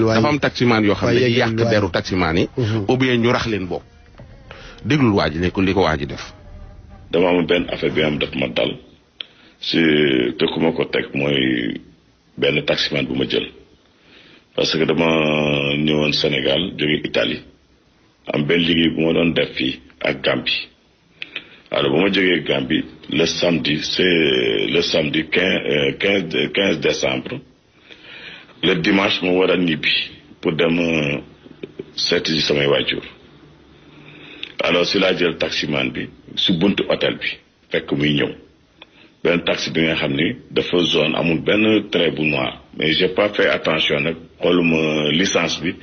dafa am taximaan yoo xam ne yàq deru taximaan yi mhm. ou bien ñu rax leen bopp déglul waa ji ne ko li ko waa ji def dama am benn affaire bi am daf ma dal si te ko teg mooy benn taximaan bu ma jël parce que dama ñëwoon Sénégal jóge Italie am benn liggéey bu ma doon def fii ak Gambie alors bu ma jógee Gambie le samedi c'est le samedi quinze euh, quinze quinze décembre le dimanche mu war a ñibbi pour dem euh, seeti samay waajur alors si laa jël taximan bi si buntu hôtel bi fekk muy ñëw benn taxi bi nga xam ni dafa zone amul benn trait bu noir mais j'ai pas fait attention nag xooluma licence bi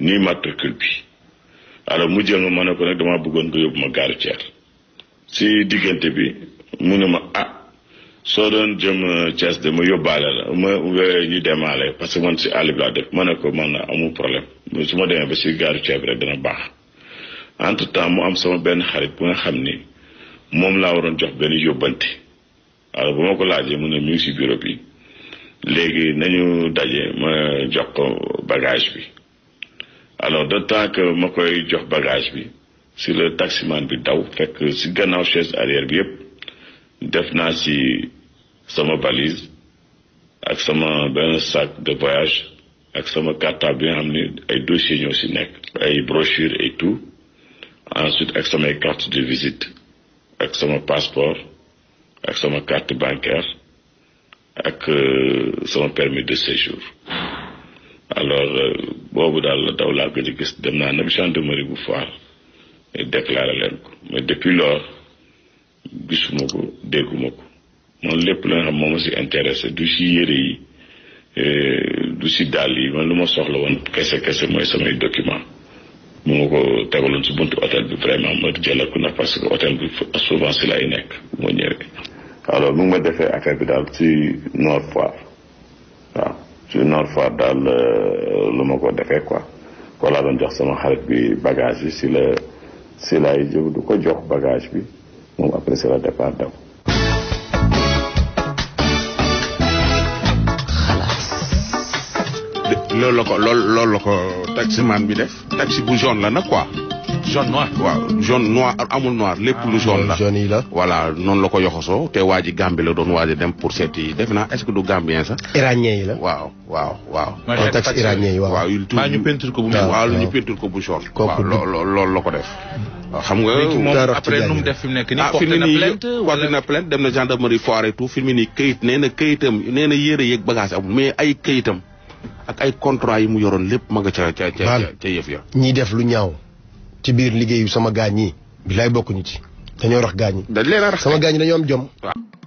ni matricule bi alors mu jël ma ma ne ko nag dama bëggoon nga yóbbu ma gare routière si diggante bi mu ne ma ah soo doon jëm euh, Thiès de ma yóbbaale la ma ñu demaale parce que man si àll bi laa dëkk ma ne ko man amul problème su ma demee ba si gaaru Thiès bi rek dana baax entre temps mu am sama benn xarit bu nga xam ni moom laa waroon jox benn yóbbante waaw bu ma ko laajee mu ne mi ngi si bureau bi léegi nañu daje ma jox ko bagage bi alors de temps ma koy jox bagage bi si le taximan bi daw fekk si gannaaw chaise arrière bi yëpp. def ci sama balise ak sama ben sac de voyage ak sama carte bi nga xam ay dossiers ñoo ci nek ay et tout ensuite ak sama carte de visite ak sama passeport ak sama carte bancaire ak euh, sama permis de séjour alors euh, boobu daal daw laa que di gis dem naa bu Foire déclaré leen ko mais depuis lors gisuma ko dégguma ko man lépp la nga xam moo ma si intéressé du si yére yi eh, du si dàll yi man lu ma soxla woon kese kese mooy samay document mu nga ko tegaloon si buntu hôtel bi vraiment ma jëlee ko nag parce que hôtel bi souvent si lay nekk moo ñëwee. alors mu ma defee affaire bi daal si Nord Foire waaw ci Nord Foire daal euh, lu ma ko defee quoi ko laa doon jox sama xarit bi bagage yi si la si laay du ko jox bagage bi. moom après c'est le départ dem. loolu la ko loolu la ko taximan bi def taxi bu jaune la nag quoi. jaune noir waaw jaune noir amul noir lépp lu ah, jaune la jaune yi la voilà noonu la ko yoxosoo te waa ji Gambie la doon waaj dem pour seet yi def naa est du Gambien sax iranien yi la waaw waaw waaw contexte iranien yi waaw waaw ñu peinture ko bu ñu peinture ko bu jaune waaw loolu la ko def mm. xam nga après nu mu def fi mu nekk nii ah, porté na plainte wala na plainte fi mu nii këyit nee na këyitam nee na yére yeeg bagage amul mais ay këyitam ak ay contrat yi mu yoroon lépp ma nga ca yëf ya ñiy def lu ñaaw ci biir liggéeyu sama gaañ yi bilaay bokkuñu ci dañoo rax gaañ yi. dañ leen a sama gaañ yi dañoo am